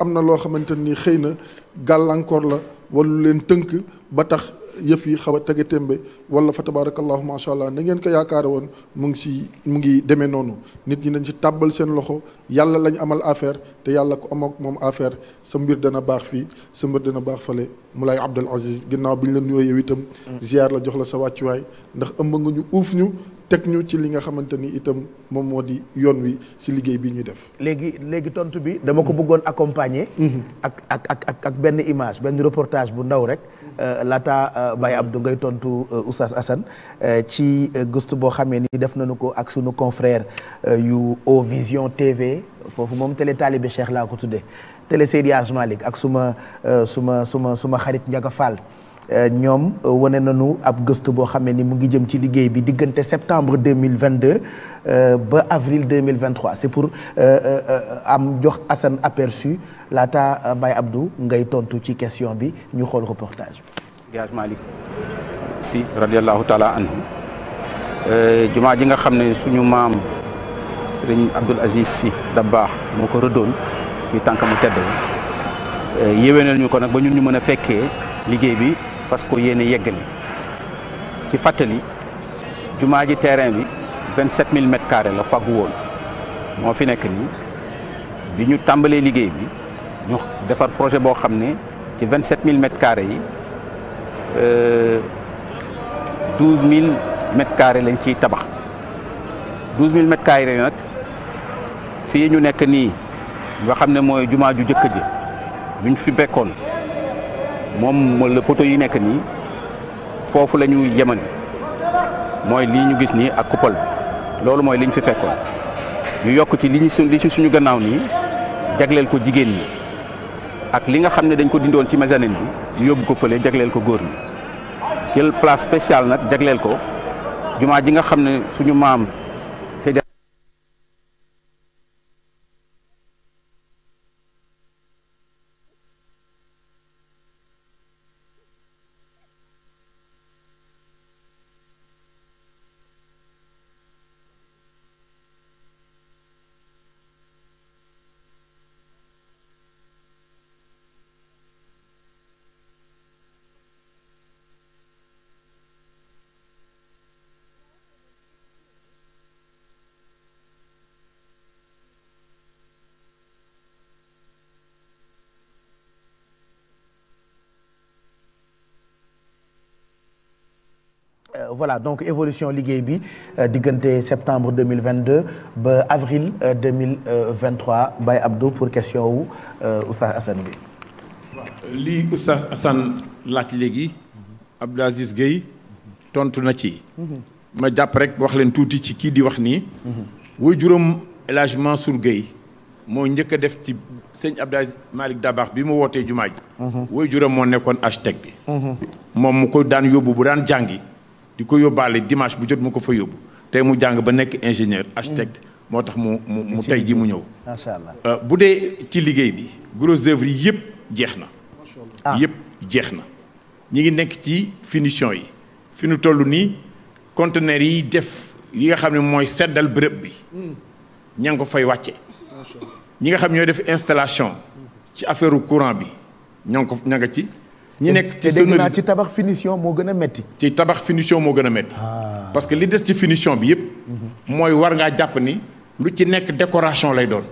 am na loo xamante ni xëy na gàllankoor la walu leen tënk ba tax yëf yi xaw a tege témbe wala fa tabarakallahu macha allah na ngeen ko yaakaare woon mu ngi si mu ngi demee noonu nit ñi nañ si tàbbal seen loxo yàlla lañ amal affaire te yàlla ko am moom affaire sa mbir dana baax fii sa mbir dana baax fale Moulay Abdul Aziz ginnaaw bi ñu la nuyoo yow itam. Mm. ziar la jox la sa wàccuwaay ndax ëmb nga ñu uuf ñu teg ñu ci li nga xamante ni itam moom moo di yoon wi si liggéey bi ñuy def. léegi léegi tontu bi. dama ko mm. bëggoon accompagner. Mm-hmm. ak ak ak ak ak benn image benn reportage bu ndaw rek. Euh, laata euh, Baye Abdou ngay tontu euh, Oustaz Assane ci gëstu boo xamee ni def nañu ko ak sunu confrère yu Ovision TV. foofu moom télé taalibe Cheikh laa ko tuddee télé Seydi Hadji ak suma euh, suma suma suma xarit Ndiaga Fall euh, ñoom euh, wane nañu ab gëstu boo xam ni mu ngi jëm ci liggéey bi diggante septembre deux mille vingt deux ba avril deux mille vingt trois c'est pour am jox Assane aperçu laata Baye abdu ngay tontu ci question bi ñu xool reportage bi. Hadji Malick Sy radiyallahu jumaa ji nga xam ne suñu maam. sëriñ Abdoul Aziz si baax moo ko rëddoon ñu mu tedd eh, yéwénal ñu ko nag ba ñun ñu mën a fekkee liggéey bi parce que yéen a yeggali ci fàttali jumaa ji terrain bi 27000 mètres carrés la faggu woon moo fi nekk nii bi ñu tàmbalee liggéey bi ñu defar projet boo xam ne ci 27000 mètres carrés yi 12000 eh, mètres carrés lañ ciy tabax. douze mille mètres carrés nag fii ñu nekk nii nga xam ne mooy jumaa ju jëkk ji buñ fi bekkoon moom la poteau yi nekk nii foofu la ñu yemani mooy lii ñu gis nii ak coupole bi loolu mooy li fi fekkoon ñu yokk ci li ñu su ci suñu gannaaw nii jagleel ko jigéen ñi ak li nga xam ne dañ ko dindoon ci mezzanine bi ñu yóbbu ko fële jagleel ko góor ñi jël place spéciale nag jagleel ko jumaa ji nga xam ne suñu maam Euh, voilà donc évolution liggéey bi euh, diggante septembre 2022 ba avril euh, 2023 Baye Abdou pour question wu euh, Oustaz Assane bi. lii Oustaz Assane laaj léegi Abdou Aziz Gueye tontu na ci. ma jàpp rek wax leen tuuti ci kii di wax nii. wuy juróom élagement Hadj Mansour moo njëkk def ci sëñ Abdou Aziz Malick Dabax bi mu wootee jumaa ji. Mhm. wuy juróom moo nekkoon architecte bi. Mhm. moom mu ko daan yóbbu bu daan jàngi. di ko yóbbaale dimanche bu jot mu ko fa yóbbu tey mu jàng ba nekk ingénieur architecte mm. moo tax mu mu mu tey ji mu ñëw macha allah euh, bu dee ci liggéey bi gros œuvre yi yëpp jeex na ah. yëpp jeex na ñi ngi nekk ci finition yi fi nu toll nii conteneur yi def yi nga xam ne mooy seddal bërëb bi mm. ña ngi ko fay wàcce ñi nga xam ñooy def installation ci affaire courant bi ña ko ña nga ci ñi nekk ci sonorisation ci tabax finition moo gën a metti ci tabax finition moo gën a metti ah. parce que li des ci finition bi yëpp. Mhm. mooy war ngaa jàpp ni lu ci nekk décoration lay doon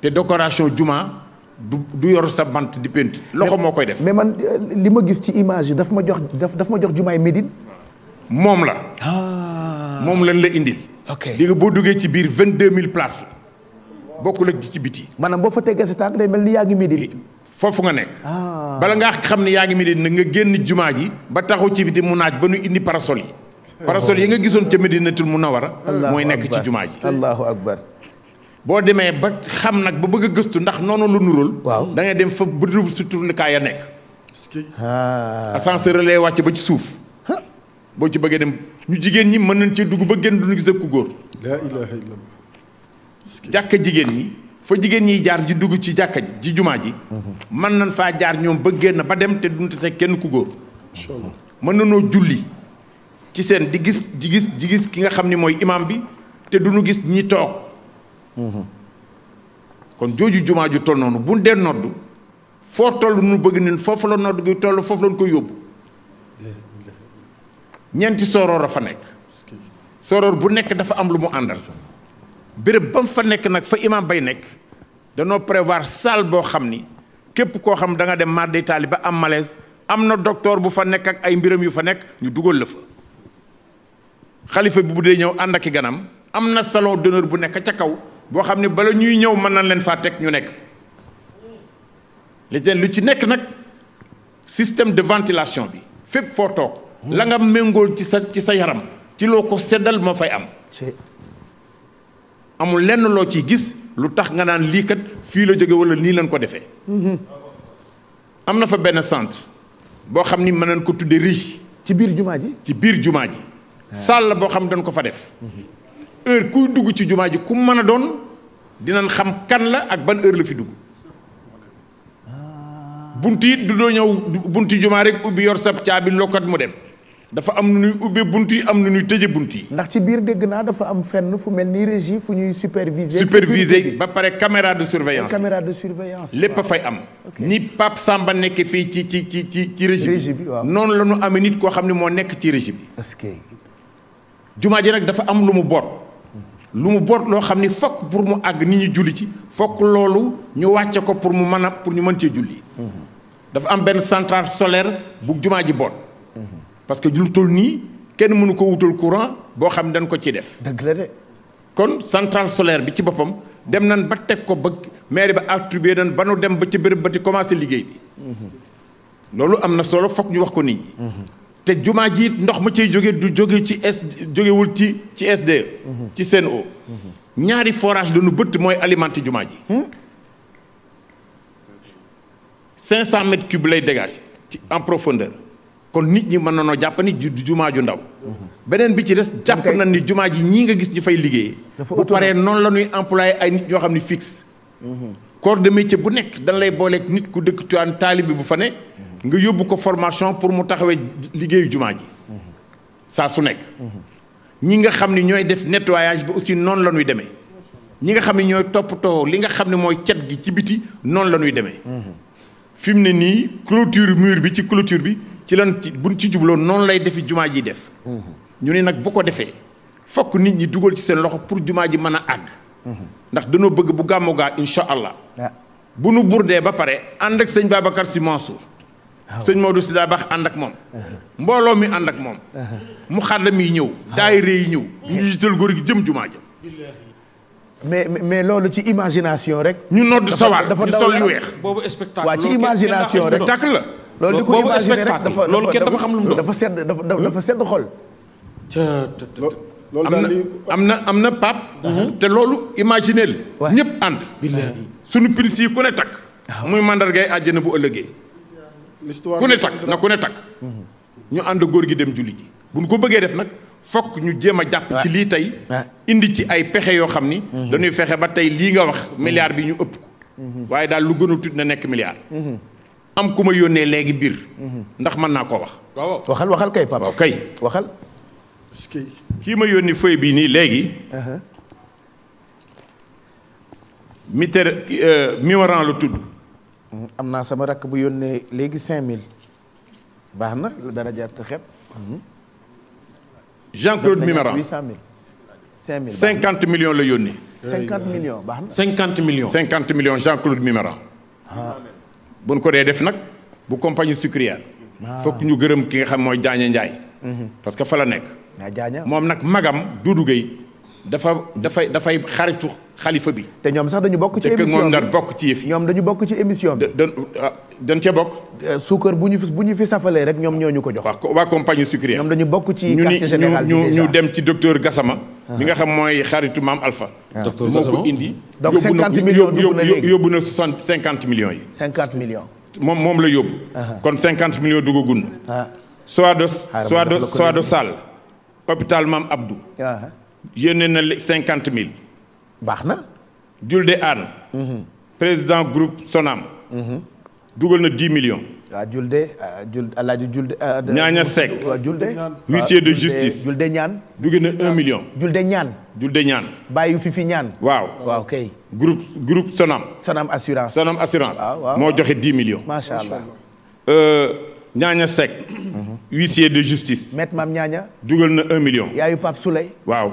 te décoration juma du du yor sa bant di penti loxo moo koy def. mais man euh, li ma gis ci image yi daf ma jox daf ma jox jumaay Médine. moom la. Ah. moom lañ la indil. ok di nga boo duggee ci biir vingt deux mille places bokkul ak ji ci biti. na boo fa teggee sa tànk day mel ni yaa ngi Médine. foofu nga nekk. Ah. bala nga xam ne yaa ngi Médine na nga génn jumaa ji ba taxaw ci biti mu naaj ba nu indi parasol yi. parasol yi nga gisoon ca Médinatul Munawara mooy nekk ci jumaa ji. allahu akbar. boo demee ba xam nag ba bëgg a gëstu ndax noonu lu nuróol. waaw da ngay dem fa bu dul suturlukaay ya nekk. ascenseur lay wàcc ba ci suuf. boo ci bëggee dem ñu jigéen ñi mën nañ cee dugg ba génn duñu gis ku góor. la jàkk jigéen ñi foo jigéen ñi jaar ji dugg ci jàkk ji ci jumaa ji mën nañ faa jaar ñoom ba génn ba dem te duñu tase kenn ku góor mën nanoo julli ci seen di gis di gis ki nga xam ni mooy imam bi te duñu gis ñi toog kon jooju jumaa ju toll noonu bu dee nodd foo toll nu bëgg nin foofu la nodd gi toll foofu lañ ko yóbbu ñeenti sooroor a fa nekk sooroor bu nekk dafa am lu mu àndal béréb ba mu fa nekk nag fa imam bay nekk danoo prévoir salle boo xam ni képp koo xam danga dem mar day taali ba am malaise am na docteur bu fa nekk ak ay mbiram yu fa nekk ñu duggal la fa xalifa bi bu dee ñëw ànd ak i ganam am na salon d'honneur bu nekk ca kaw boo xam ne bala ñuy ñëw man nañ leen faa teg ñu nekk li teen lu ci nekk nag système de ventilation bi fépp foo toog la nga méngool ci sa ci sa yaram ci loo ko seddal moo fay am amul lenn loo ciy gis lu tax nga naan lii kat fii la jóge wala nii leen ko defee. am na fa benn centre boo xam ni mën nañ ko tuddee riche. ci biir jumaa ji ci biir jumaa ji. sàll boo xam dañ ko fa def. heure kuy dugg ci jumaa ji ku mën a doon dinañ xam kan la ak ban heure la fi dugg. Ah. bunt yi du doo ñëw bunti jumaa rek ubbi yor sab caabi lokkat mu dem. dafa am nu ñuy ubbee bunt yi am ñuy tëje bunt yi. ndax ci biir dégg naa dafa am fenn fu mel ni régie fu ñuy superviser. superviser ba pare caméra de surveillance caméra de surveillance. lépp a fay am. ni Pape Samba nekk fii ci ci ci ci ci régie bi. noonu la ñu amee nit koo xam ne nekk ci régie bi. que. jumaa ji nag dafa am lu mu boot. lu mu boot loo xam ni fokk pour mu àgg nit ñu julli ci fokk loolu ñu wàcce ko pour mu mën a pour ñu mën cee julli. Mhm. dafa am benn centrale solaire bu jumaa ji boot. parce que lu tul nii kenn mënu ko wutal courant boo xam dañ ko ciy def. dëgg la kon central solaire bi ci boppam dem nan ba teg ko ba maire ba attribué nan ba nu dem ba ci béréb ba ci commencé liggéey bi. Mhm. loolu am na solo foog ñu wax ko nit ñi. Mhm. te jumaa ji ndox ma cay jóge du jóge ci S jógewul ci ci SDE. Mhm. ci Sen'Eau. ñaari forage la nu bëtt mooy alimenté jumaa ji. 500 hmm? mètres cubes lay dégage ci en profondeur. kon nit ñi mën nañoo jàpp ni jumaa ju ndaw. beneen bi ci des jàpp na ni jumaa ji ñii nga gis ñu fay liggéey. bu paree noonu la ñuy employé ay nit ñoo xam ni fixe. Mhm. corps de métier bu nekk dañ lay booleek nit ku dëkk Tivaouane taalibe bu fa ne. Mhm. nga yóbbu ko formation pour mu taxawee liggéeyu jumaa ji. Mhm. saa su nekk. ñi nga xam ni ñooy def nettoyage bi aussi noonu la ñuy demee. ñi nga xam ne ñooy toppatoo li nga xam ne mooy cet gi ci biti noonu la ñuy demee. mu ne nii clôture mur bi ci clôture bi. ci lan ci buñ ci jubloo noonu lay defi jumaa ji def ñu ne nag bu ko defee fokk nit ñi dugal ci seen loxo pour jumaa ji mën a àgg ndax dañoo bëgg bu gàmmu gaa incha allah ah. bu nu burdee ba pare ànd ak sëñ Babacar Sy Mansour ah. sëñ Maodo si daa baax ànd ak moom mbooloo mi ànd ak moom mu xàddam yi ñëw ah. daay yi ñëw ñu jiital góor gi jëm jumaa ja mais mais loolu ci imagination rek ñu nodd sawaar ñu sol yu weex boobu spectacle waaw ci imagination rek spectacle la loolu di ko imaginer rek dafa xam lu mu doon dafa sedd dafa dafa sedd xol. loolu am na am na pap mhm. te loolu imaginer li ñëpp ànd. billaahi sunu pris yi ku ne takk. Ah. muy mandargay àjjana bu ëllëgee. ku ne takk na ku ne takk. Mhm. ñu ànd góor gi dem julli ji bu ñu ko bëggee def nag. fokk ñu jéem a jàpp ci lii tey indi ci ay pexe yoo xam ni mhm. dañuy fexe ba tey lii nga wax milliard bi ñu ëpp ko waaye daal lu gën na nekk milliard am ku ma yónnee léegi biir. ndax man naa koo wax. waxal waxal kay papa kay. waxal. kii ma yónni feuille bii nii léegi. Uh-huh. Mitterrand euh, Mitterrand la tudd. Mm-hmm. am naa sama rakk bu yónnee léegi 5000. baax na dara jar te xeeb. Mm-hmm. Jean-Claude Mitterrand 800000. 5000 50 millions la yónnee. 50 millions baax na. 50 millions 50 millions Jean-Claude Mitterrand. Ah. buñ ko dee def nag bu compagnie sucrière. Ah. fokk ñu gërëm ki nga xam mooy Jaaña Njaay mhm. parce que fa la nekk. Ah, moom nag magam Doudou Gueye dafa dafay dafay xaritu xalifa bi. te ñoom sax dañu bokk ci émission bi bokk ci yëf yi. ñoom dañu bokk ci émission bi. da ah, dañ cee bokk. suukar bu ñu fi bu ñu fi safalee rek ñoom ñoo ñu ko jox. waa waa compagnie dañu bokk ci quartier bi ñu ñu dem ci docteur gasama mi nga xam mooy xaritu maam Alpha. Ah. docteur moo ko indi. donc cinquante millions dugg na léegi yóbbu na soixante cinquante millions yi. cinquante millions. moom moom la yóbbu. Ah. kon cinquante millions duggagun. ah Soados. Ah, Soados Soados Sall. hôpital maam Abdou. yónnee na cinquante mille. baax na. Julde Anne. Mhm. président groupe Sonam. Mhm. dugal na dix millions. waaw ah, Julde ah, Jul Alaaji Julde. Ah, ñaaña Seck Julde. huissier de justice Julde ñaan. dugg na un million. Julde ñaan. Julde ñaan. bàyyi fi fi ñaan. waaw waaw kay. groupe groupe Sonam. Sonam assurance assurance. moo joxe dix millions. macha allah. Euh, ñaaña Seck. Mhm. huissier de justice. maître maam ñaaña. dugal na un million. yaayu Pape Souley. waaw.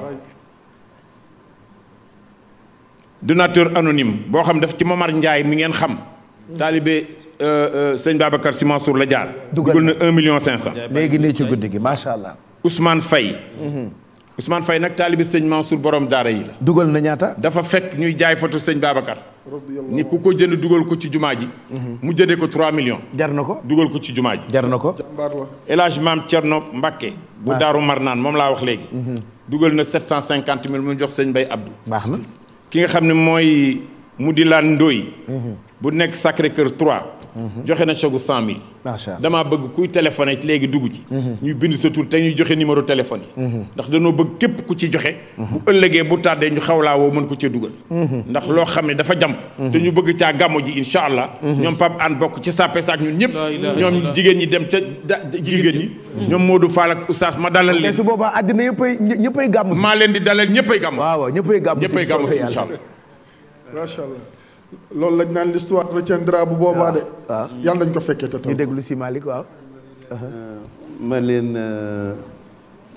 donateur anonyme boo xam daf ci Momar Ndiaye mi ngeen xam. taalibe euh, euh, sëñ Babacar Sy Mansour la jaar. dugal na un million cinq cent. léegi nii ci guddi gi macha allah. Ousmane Faye. Mhm. Ousmane fay nag taalibe sëñ Mansour borom daara yi dugal na ñaata. dafa fekk ñuy jaay foto sëñ Babacar. ni ku ko jënd dugal ko ci jumaa ji. Mhm. mu jëndee ko 3 millions. jar na ko dugal ko ci jumaa ji. jar na ko. El Hadj Maam Thierno Mbakke. bu Daaru naan moom laa wax léegi. Mhm. dugal na 750 mille mu jox sëñ Bay Abdou. baax na ki nga xam ne mooy Mudilaan Ndoy bu nekk Sacré-Cœur 3. joxe na chèque gu 100000. macha damaa bëgg kuy téléphoné léegi dugg ci. ñuy bind sa tur te ñuy joxe numéro téléphone yi. ndax dañoo bëgg képp ku ci joxe. bu ëllëgee bu tàddee ñu xawlaa woo mën ko cee dugal. ndax loo xam ne dafa jàmp. te ñu bëgg caa gàmmu incha allah. ñoom Pape Hann bokk ci Sape Saak ñun ñëpp. ñoom jigéen ñi dem ca jigéen ñi. ñoom Modou Fall ak Oustaz ma dalal leen. mais su boobaa àddina ñëppay ñëppay gàmmu si. maa leen di dalal ñëppay gàmmu si. waaw waaw ñëppay gàmmu si. ñëppay gàmmu si incha allah loolu lañ naan l'histoire retiendra bu boobaa de. waaw ah, ah. yàlla dañ ko fekkee te taw. ñu déglu si Malick waaw. ma leen. Euh,